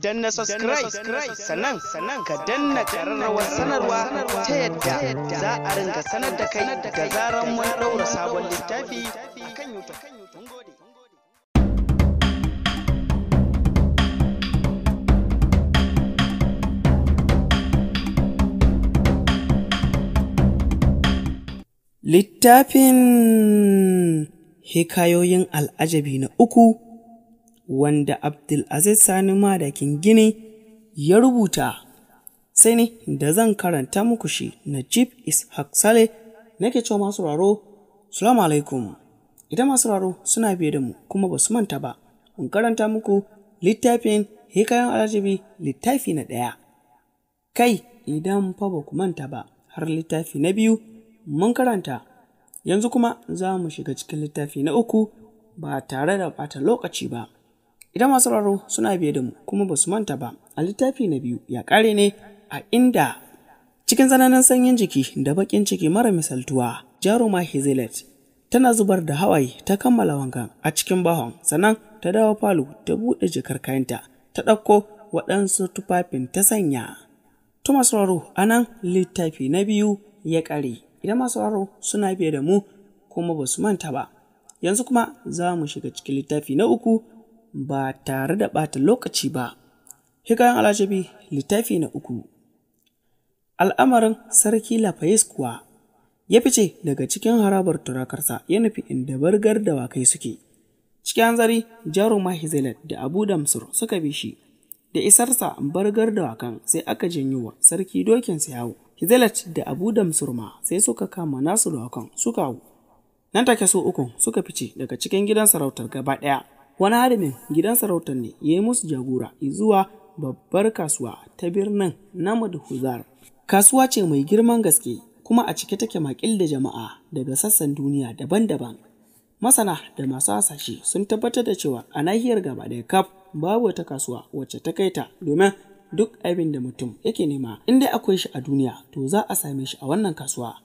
na subscribe sannan sannan ka danna kararrawar sanarwa ta yadda za a ringa sanar da kai da zaran mun daura sabon littafi akan youtube Littafin Hikayoyin Al'ajabi na uku wanda Abdulaziz Sani Madakin Gini ya rubuta, sai ne da zan karanta muku shi na Najib Ishaq Saleh nake cewa masu raro, Salamu alaikum. Idan masu raro suna biye da mu kuma ba su manta ba, in karanta muku littafin Hikayen Alajibi littafi na ɗaya. Kai, idan fa ba ku manta ba, har littafi na biyu mun karanta. Yanzu kuma za mu shiga cikin littafi na uku ba tare da ɓata lokaci ba. Idan masu raro suna biye da mu kuma ba su manta ba, a littafi na biyu ya kare ne a inda cikin tsananin sanyin jiki da bakin ciki mara misaltuwa jaruma Hazelet tana zubar da hawaye ta kammala wankan a cikin bahon sannan ta dawo falo ta buɗe jikar kayanta ta ɗauko waɗansu tufafin ta sanya. Thomas Raro a nan littafi na biyu ya ƙare. Idan masu Raro suna biye da mu kuma ba su manta ba. Yanzu kuma za mu shiga cikin littafi na uku ba tare da ɓata lokaci ba. Hikayen Alajabi littafi na uku. Al'amarin Sarki Lafayis kuwa ya fice daga cikin harabar turakarsa ya nufi inda bargar dawakai suke. Cikin hanzari, Jaruma Hizelet da Abu Damsur suka bi shi, da isarsa bargar dawakan sai aka janyo wa sarki dokin sai yawo. Hizelet da Abu Damsur ma sai suka kama nasu kan suka hau. Nan take su ukun suka fice daga cikin gidan sarautar gaba ɗaya. wani hadimin gidan sarautar ne ya yi musu jagora zuwa babbar kasuwa ta birnin na huzar kasuwa ce mai girman gaske kuma a cike take makil da jama'a daga sassan duniya daban-daban masana da masu hasashe sun tabbatar da cewa a nahiyar gaba da kaf babu wata kasuwa wacce ta kai ta domin duk abin da mutum yake nema inda akwai shi a duniya to za a same shi a wannan kasuwa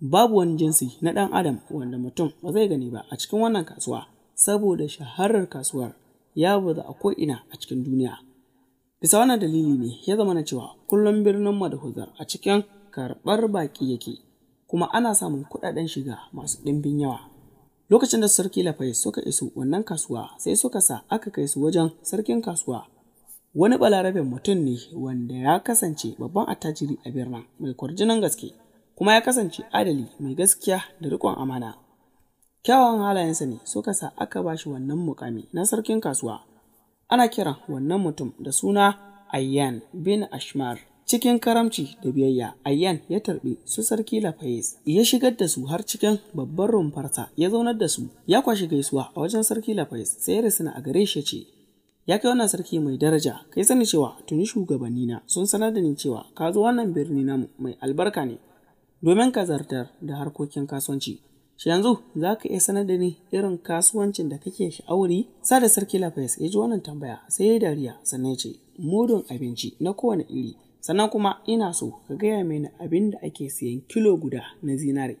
babu wani jinsi na ɗan adam wanda mutum ba zai gani ba a cikin wannan kasuwa saboda shaharar kasuwar ya bada a ko'ina a cikin duniya. Bisa wannan dalili ne ya zama na cewa kullum birnin Madahuzar a cikin karɓar baƙi yake kuma ana samun kuɗaɗen shiga masu ɗimbin yawa. Lokacin da sarki Lafai suka iso wannan kasuwa sai suka sa aka kai su wajen sarkin kasuwa wani balarabin mutum ne wanda ya kasance babban attajiri a birnin mai kwarjinan gaske kuma ya kasance adali mai gaskiya da riƙon amana. kyawawan halayensa ne suka sa aka ba shi wannan mukami na sarkin kasuwa ana kiran wannan mutum da suna ayyan bin ashmar cikin karamci da biyayya ayyan ya tarbi su sarki lafayes ya shigar da su har cikin babban rumfarsa ya zaunar da su ya kwashi gaisuwa a wajen sarki lafayes sai suna a gare shi ce ya kai wannan sarki mai daraja kai sani cewa tuni shugabanni na sun sanar da ni cewa ka zo wannan birni namu mai albarka ne domin ka zartar da harkokin kasuwanci Shi yanzu za ka iya sanar da ni irin kasuwancin da kake sha'awari? Sada Sarki lafayas ya ji wannan tambaya sai ya dariya sannan ya ce, Mudun abinci na kowane iri, sannan kuma ina so ka gaya mini abin da ake siyan kilo guda na zinare.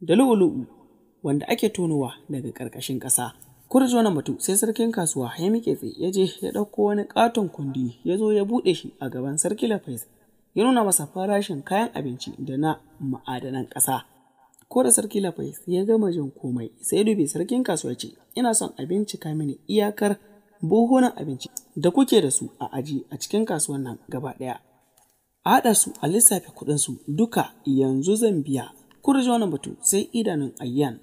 Da lu'u-lu'u wanda ake tonowa daga ƙarƙashin ƙasa. Kurji wannan mutum sai sarkin kasuwa ya miƙe tsaye ya je ya ɗauko wani ƙaton kundi ya zo ya buɗe shi a gaban Sarki lafayas Ya nuna masa farashin kayan abinci da na ma'adanan ƙasa. Ko da sarki lafai ya gama jin komai sai dubi sarkin kasuwa ce ina son abinci bincika mini iyakar buhunan abinci da kuke da su a aji a cikin kasuwan nan gaba ɗaya. A haɗa su a lissafe su duka yanzu zan biya. Kurji wannan batu sai idanun ayyan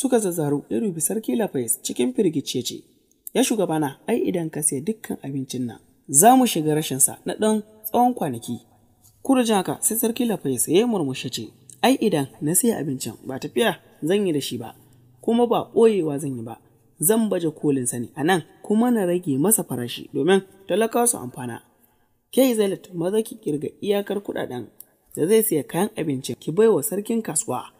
suka zazzaru ya dubi sarki lafai cikin firgice ce. Ya shugabana ai idan ka sai dukkan abincin nan za mu shiga sa na ɗan tsawon kwanaki. da haka sai sarki lafai ya murmushe ce ai idan na siya abincin ba tafiya zan yi da shi ba kuma ba ɓoyewa zan yi ba zan baje kolin sani a nan kuma na rage masa farashi domin talaka su amfana ke zalat maza ki kirga iyakar kuɗaɗen da zai siya kayan abincin ki baiwa sarkin kasuwa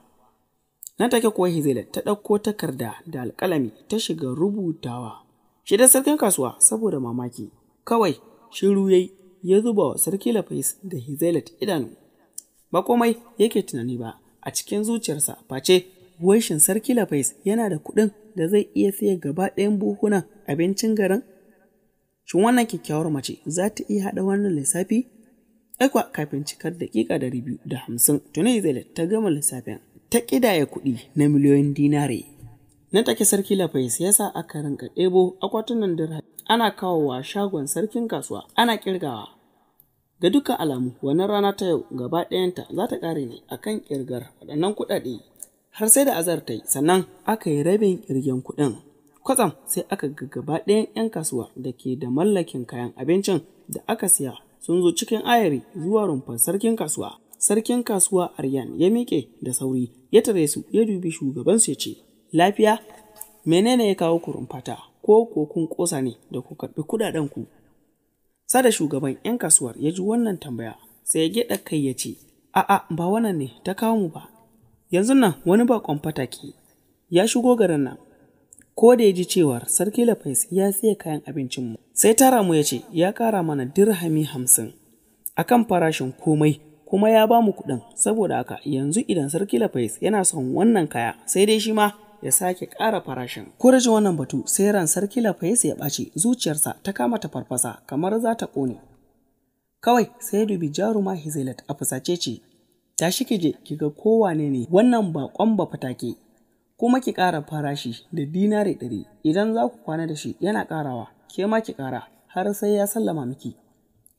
na take kuwa hizalat ta ɗauko takarda da alƙalami ta shiga rubutawa shi da sarkin kasuwa saboda mamaki kawai shiru ya zuba wa sarki lafais da hizalat idanu ba komai yake tunani ba a cikin zuciyarsa face washin sarki lafais yana da kuɗin da zai iya siya gaba ɗayan buhunan abincin garin shin wannan kyakkyawar mace za ta iya haɗa wannan lissafi aikwa kafin cikar daƙiƙa dari biyu da hamsin tuni zai ta gama lissafin ta ƙidaya kuɗi na miliyoyin dinare na take sarki lafais ya sa aka rinka ɗebo akwatunan dirha ana kawowa shagon sarkin kasuwa ana ƙirgawa Ga dukkan alamu wannan rana ta yau gaba ɗayanta za ta ƙare ne a kan ƙirgar waɗannan kuɗaɗe har sai da azar ta yi sannan aka yi rabin ƙirgen kuɗin. Kwatsam sai aka ga gaba ɗayan 'yan kasuwa da ke da mallakin kayan abincin da aka siya sun zo cikin ayari zuwa rumfar sarkin kasuwa. Sarkin kasuwa Aryan ya miƙe da sauri ya tare su ya dubi shugabansu ya ce, Lafiya, menene ya kawo ku rumfata ko ko kun ƙosa ne da ku karɓi kuɗaɗen ku Sada shugaban 'yan kasuwar ya ji wannan tambaya sai ya gyaɗa kai ya ce, A'a, ba wannan ne ta kawo mu ba. Yanzu nan wani bakon fataki ya shigo garin nan. Ko da ya ji cewar Sarki Lafais ya siya kayan abincin mu sai tara mu ya ce ya ƙara mana dirhami hamsin a kan farashin komai kuma ya ba mu kuɗin saboda haka yanzu idan Sarki Lafais yana son wannan kaya sai dai shi ma ya sake ƙara farashin. Ko da wannan batu sai ran sarki Lafayette ya ɓaci zuciyarsa ta kama ta farfasa kamar za ta ƙone. Kawai sai ya dubi jaruma Hizilat a fusace ce, tashi ki je ki ga kowane ne wannan baƙon ba fatake. Kuma ki ƙara farashi da dinare ɗari idan za ku kwana da shi yana ƙarawa, ke ma ki ƙara har sai ya sallama miki.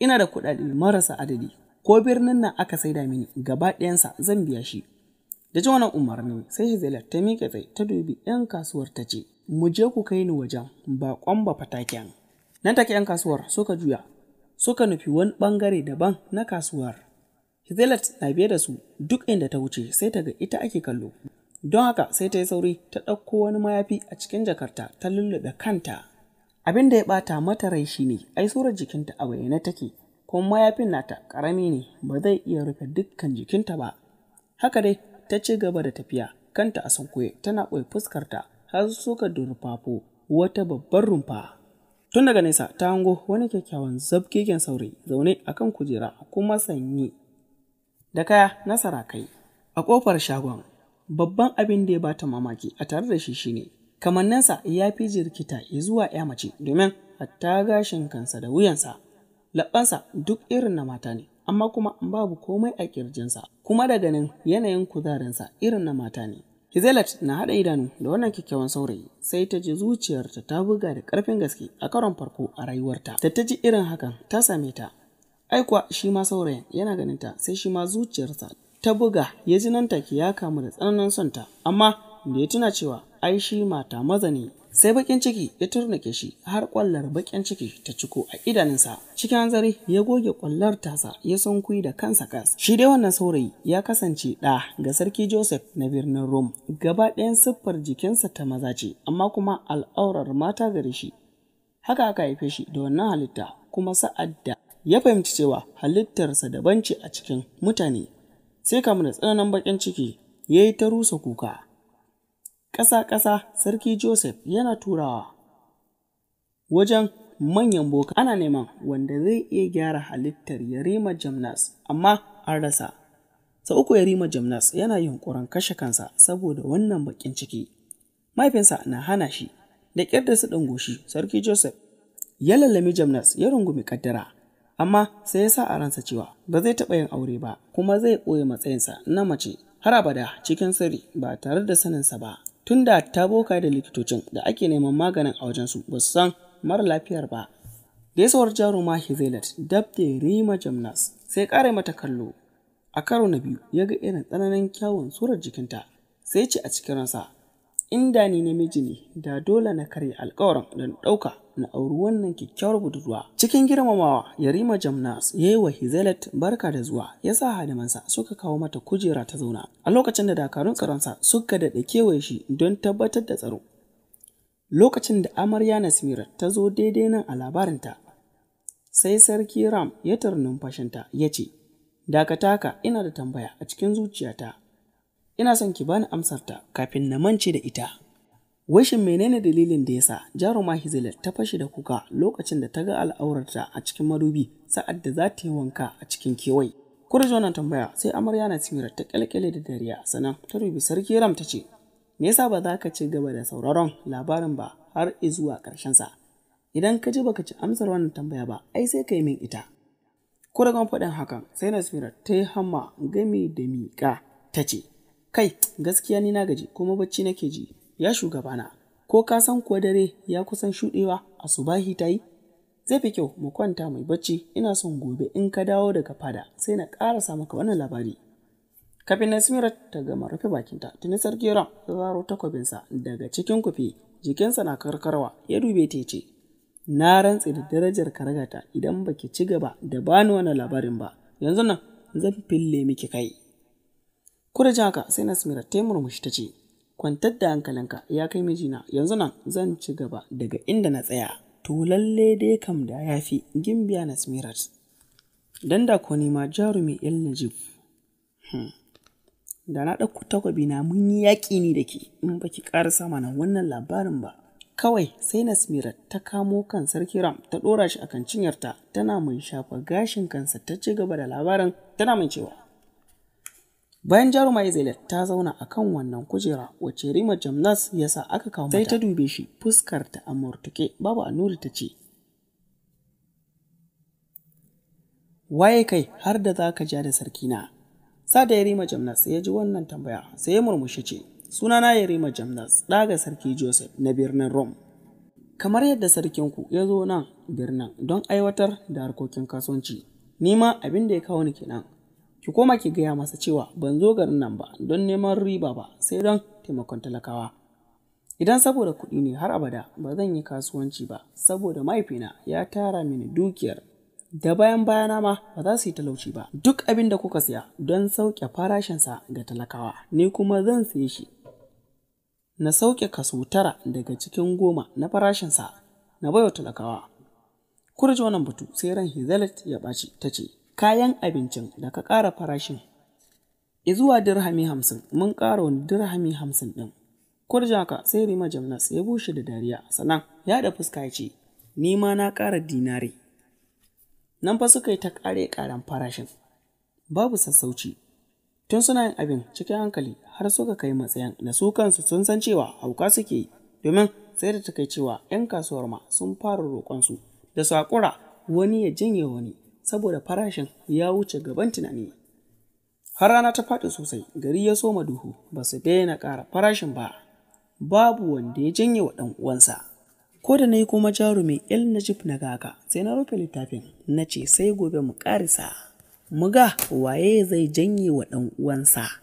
Ina da kuɗaɗe marasa adadi, ko birnin nan aka saida mini gaba ɗayansa zan biya shi. Da ji wannan umarni sai Hizela ta miƙe tsaye ta dubi 'yan kasuwar ta ce, Mu je ku kai ni wajen baƙon ba fataken. Nan take 'yan kasuwar suka juya, suka nufi wani bangare daban na kasuwar. Hizelat na biye da su duk inda ta wuce sai ta ga ita ake kallo. Don haka sai ta yi sauri ta ɗauko wani mayafi a cikin jakarta ta lulluɓe kanta. Abin da ya ɓata mata rai shine ai surar jikinta a bayyane take kuma mayafin nata ƙarami ne ba zai iya rufe dukkan jikinta ba. Haka dai ta ci gaba da tafiya kanta a sankuye tana ɓoye fuskarta har suka durfafo wata babbar rumfa. Tun daga nesa ta hango wani kyakkyawan zabkeken saurayi zaune a kan kujera kuma sanyi. Da kaya nasara kai. a ƙofar shagon babban abin da ya bata mamaki a tare da shi shine kamanninsa ya fi jirkita zuwa ya mace domin hatta gashin kansa da wuyansa laɓansa duk irin na mata ne amma kuma babu komai a kirjinsa kuma da ganin yanayin kuzarinsa irin na mata ne Hizelat na haɗa idanu da wannan kyakkyawan saurayi sai ta ji zuciyarta ta buga da ƙarfin gaske a karon farko a rayuwarta. Da ta ji irin hakan ta same ta. Aikuwa shi ma saurayin yana ganin ta sai shi ma zuciyarsa ta buga ya ji nan take ya kamu da tsananin son ta amma da ya tuna cewa ai shi mata maza ne sai bakin ciki ya turnuke shi har kwallar bakin ciki ta ciko a idanunsa cikin hanzari ya goge kwallar tasa ya kui da kansa kas shi dai wannan saurayi ya kasance ɗa ga sarki joseph na birnin rome gaba ɗayan siffar jikinsa ta maza ce amma kuma al'aurar mata gare shi haka aka haife shi da wannan halitta kuma sa'ad da ya fahimci cewa halittarsa daban ce a cikin mutane sai kamar da tsananin bakin ciki ya yi ta rusa kuka ƙasa-ƙasa sarki Joseph yana turawa wajen manyan boka ana neman wanda zai iya gyara halittar yarima jamnas amma an rasa sau uku yarima jamnas yana yunƙurin kashe kansa saboda wannan baƙin ciki mahaifinsa na hana shi da ƙyar da su goshi sarki joseph ya lallami jamnas ya rungumi ƙaddara. amma sai ya sa a ransa cewa ba zai taɓa yin aure ba kuma zai ɓoye matsayinsa na mace har abada cikin sirri ba tare da saninsa ba tunda ta boka da likitocin da ake neman maganin a wajensu ba su san mara lafiyar ba. jaro jaruma Hizelat dab da Rima Jamnas sai kare mata kallo. A karo na biyu ya ga irin tsananin kyawun surar jikinta sai ce a cikin ransa Inda ni namiji ne, da dole na karya alkawarin don ɗauka na auri wannan kyakkyawar budurwa. Cikin girmamawa, Yarima Jamnas ya yi wa Hizelet barka da zuwa, ya sa hadimansa suka kawo mata kujera ta zauna. A lokacin da dakarun tsaronsa suka daɗe kewaye shi don tabbatar da tsaro. Lokacin da amarya Nasmira ta zo daidai nan a labarinta, sai sarki Ram ya tarnumfashinta ya ce, Dakataka ina da tambaya a cikin zuciyata, ina son ki bani amsarta kafin na mance da ita. Washin menene dalilin da yasa jaruma Hizila ta fashe da kuka lokacin da ta ga al'aurarta a cikin madubi sa'ad da za ta yi wanka a cikin kewaye. Kurji wannan tambaya sai amarya na tsimira ta kyalkyale da dariya sannan ta rubi sarki Ram ta ce, Me yasa ba za ka ci gaba da sauraron labarin ba har zuwa sa Idan ka ji baka ci amsar wannan tambaya ba, ai sai ka yi min ita. gan faɗin hakan sai na tsira ta yi hamma gami da miƙa ta ce, Kai, gaskiya ni na gaji kuma bacci nake ji, ya shugabana, ko ka san kuwa dare ya kusan shuɗewa a subahi ta yi? Zai fi kyau mu kwanta mai bacci ina son gobe in ka dawo daga fada sai na ƙara maka wannan labari. Kafin Nasmira ta gama rufe bakinta, tuni sarki Ram ya zaro takwabinsa daga cikin kufi, jikinsa na karkarwa ya dube ta ce, Na rantse da darajar karagata idan baki ci gaba da bani wannan labarin ba, yanzu nan zan fille miki kai. Kuda jaka sai Nasmira ta murmushi ta ce, Kwantar da hankalinka ya kai mijina yanzu nan zan ci gaba daga inda na tsaya. To lalle dai kam da ya fi gimbiya Nasmirat. Dan da ko ma jarumi yan Najib. Hmm. Da na ɗauko takwabi na mun yi yaƙi ni da ke in baki ƙara sama na wannan labarin ba. Kawai sai Nasmira ta kamo kan sarki Ram ta ɗora shi akan cinyarta tana mun shafa gashin kansa ta ci gaba da labarin tana mun cewa. Bayan jarumai Zelet ta zauna a kan wannan kujera wacce Rima Jamnas ya sa aka kawo mata. Sai ta dube shi fuskar ta a murtuke babu Anuri ta ce. Waye kai har da za ka ja da sarkina. Sada Yarima Jamnas ya ji wannan tambaya sai ya murmushi ce, Sunana Yarima Jamnas ɗaga sarki Joseph na birnin rom Kamar yadda sarkinku ya zo nan birnin don aiwatar da harkokin kasuwanci, ni ma abin da ya kawo ni kenan ki koma ki gaya masa cewa ban zo garin nan ba don neman riba ba sai don taimakon talakawa idan saboda kuɗi ne har abada ba zan yi kasuwanci ba saboda mahaifina ya tara mini dukiyar da bayan bayana ma ba za su yi talauci ba duk abin da kuka siya don sauke farashinsa ga talakawa ni kuma zan siye shi na sauke kaso tara daga cikin goma na farashinsa na baiwa talakawa kurji wannan batu sai ran hizalat ya ɓaci ta ce kayan abincin da ka ƙara farashin zuwa dirhami hamsin mun ƙara wani dirhami hamsin ɗin kurjaka sai rima jamnas ya bushe da dariya sannan ya da fuska ya ce ni ma na ƙara dinare nan fa suka yi ta ƙare ƙaran farashin babu sassauci tun suna yin abin cikin hankali har suka kai matsayin da su kansu sun san cewa hauka suke yi domin sai da ta kai cewa 'yan kasuwar ma sun fara roƙonsu da su haƙura wani ya janye wani saboda farashin ya wuce gaban tunani. Har rana ta faɗi sosai, gari ya soma duhu, ba su daina ƙara farashin ba, babu wanda ya janye wa ɗan uwansa. Ko da na yi kuma jarumi il najib na gaka, sai na rufe littafin, na ce sai gobe mu ƙarisa, mu ga waye zai janye wa ɗan uwansa.